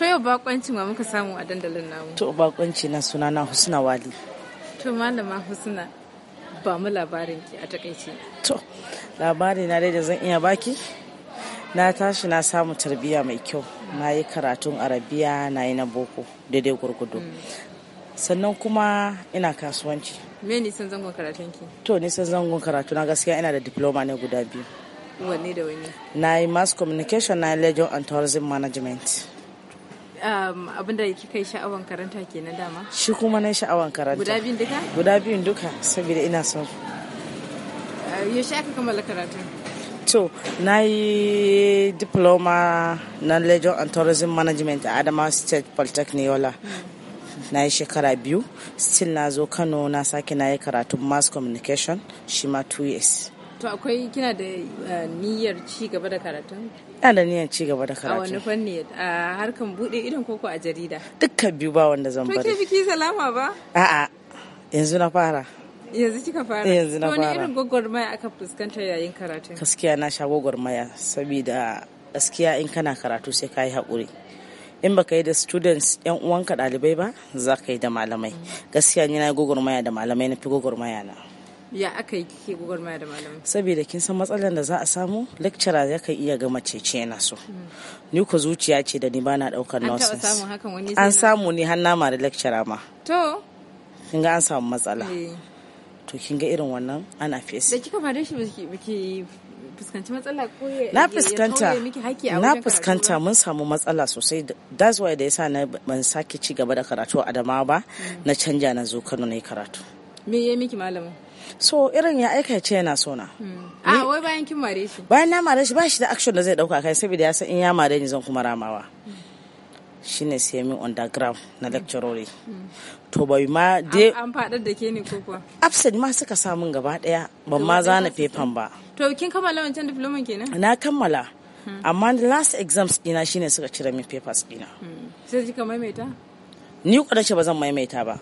To yau bakoncin wa muka samu a dandalin namu. To bakwanci na suna na Husna Wali. To malama Husna ba mu labarin ki a takaice. To labari na dai da zan iya baki. Na tashi na samu tarbiyya mai kyau. Na yi karatun Arabiya na yi na boko daidai gurgudu. Mm. Sannan kuma ina kasuwanci. Me nisan zangon karatun ki? To nisan zangon karatu na gaskiya ina da diploma ne guda biyu. Wanne da wani? Na yi mass communication na yi legion and tourism management. Um, abin ya kika yi sha'awan karanta kenan dama shi kuma na sha'awan karanta guda biyun duka guda biyun duka saboda ina son uh, Ya sha aka kammala karatun to na yi diploma na legion and tourism management a adamawa state polytechnic yola hmm. na yi shekara biyu still na zo kano na sake na yi karatun mass communication shi ma 2 years To akwai kina da eh, niyyar ci gaba da karatu. Ina da niyyar ci gaba da karatu. A wani fanni a harkan bude idon koko a jarida? Dukkan biyu ba wanda zan bari. To ke biki salama ba? A'a yanzu na fara. yanzu kika fara yanzu na fara wani irin gwagwarmaya aka fuskanta yayin karatu. gaskiya na sha gwagwarmaya saboda gaskiya in kana karatu sai ka yi in baka yi da students yan uwanka dalibai ba za ka yi da malamai mm. gaskiya ni na gwagwarmaya da malamai na fi gwagwarmaya na ya aka yi ke gwagwarmaya da malamai saboda kin san matsalar da za a samu lecturer ya kan iya gama cece na so ni ku zuciya ce da ni bana daukar nonsense an samu ni har nama da lecturer ma to kin ga an samu matsala eh. to kin ga irin wannan ana face da kika fara shi biki fuskanci matsala ko na fuskanta na fuskanta mun samu matsala sosai that's why da yasa na ban sake ci gaba da karatu a Adamawa ba mm. na canja na zo Kano na yi karatu me yayi miki malamin so irin ya aika ce yana sona hmm. a ah, wai bayan kin mare shi bayan na mare shi ba shi da action da zai dauka kai saboda ya san in ya mare ni zan kuma ramawa shine sai min underground na hmm. lecturori hmm. to bai ma dai an fadar da ke ne ko kuwa absent ma suka samun gaba daya ban ma zana paper ba to kin kammala wancan diploma kenan na kammala amma the last exams dina shine suka cire min papers dina sai kika maimaita ni kwadace ba zan maimaita ba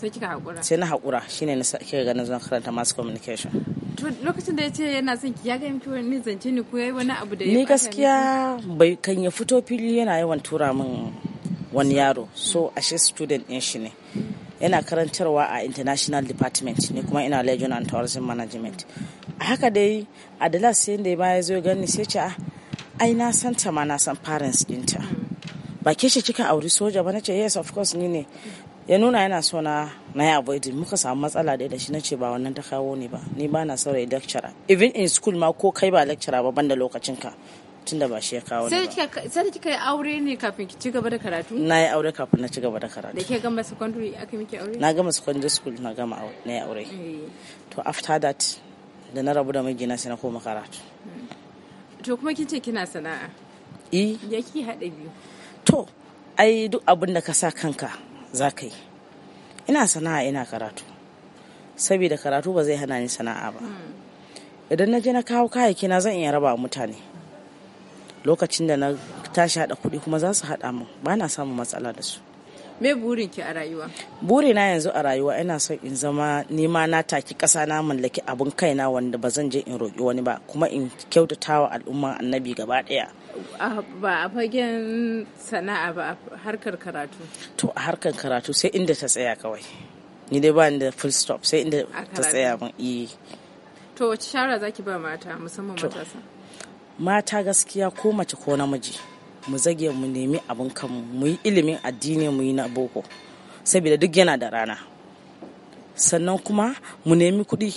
sai kika hakura sai na hakura shine na kika ganin zan karanta mass communication to lokacin da yace ce yana son ki ya ga miki wani zance ne ko yayi wani abu da ya ni gaskiya bai kan ya fito fili yana yawan tura min wani yaro so ashe student din shi ne yana karantarwa a international department ne kuma ina legion and tourism management a haka dai adala sai da ya zo gani sai ce ah, ai na san ta ma na san parents dinta hmm. ba ke shi kika auri soja ba nace yes of course ni ne ya nuna yana so na na ya avoidin muka samu matsala da da shi na ce ba wannan ta kawo ne ba ni ba na saurayi lecturer even in school ma ko kai ba lecturer ba banda lokacin ka tun da ba shi ya kawo ne ba sai da kika yi aure ne kafin ki ci gaba da karatu na yi aure kafin na ci gaba da karatu da ke gama secondary aka miki aure na gama secondary school na gama na yi aure eh. to after that da na rabu da mijina sai na koma karatu hmm. to kuma kin ce kina sana'a eh ya ki hada biyu to ai duk abin da ka sa kanka za ka yi ina sana'a ina karatu saboda karatu ba zai hana ni sana'a ba idan na je na kawo kayayyaki na zan iya raba wa mutane lokacin da na tashi haɗa kuɗi kuma za su haɗa min ba na samun matsala da su me burin ki a rayuwa burina yanzu a rayuwa ina so in zama nima na taki kasa na mallaki abun kaina wanda ba zan je in roƙi wani ba kuma in kyautata wa al'umman annabi gaba daya ba a fagen sana'a ba a harkar karatu to a harkar karatu sai inda ta tsaya kawai ni dai ba da full stop sai inda ta tsaya ban yi eh. to wace shara zaki ba mata musamman matasa mata gaskiya ko mace ko namiji mu zage mu nemi abin kanmu mu yi ilimin addini mu yi na boko saboda duk yana da rana sannan kuma mu nemi kuɗi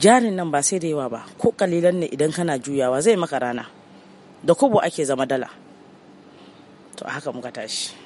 jarin nan ba sai da yawa ba ko kalilan ne idan kana juyawa zai maka rana da kubo ake zama dala to haka muka tashi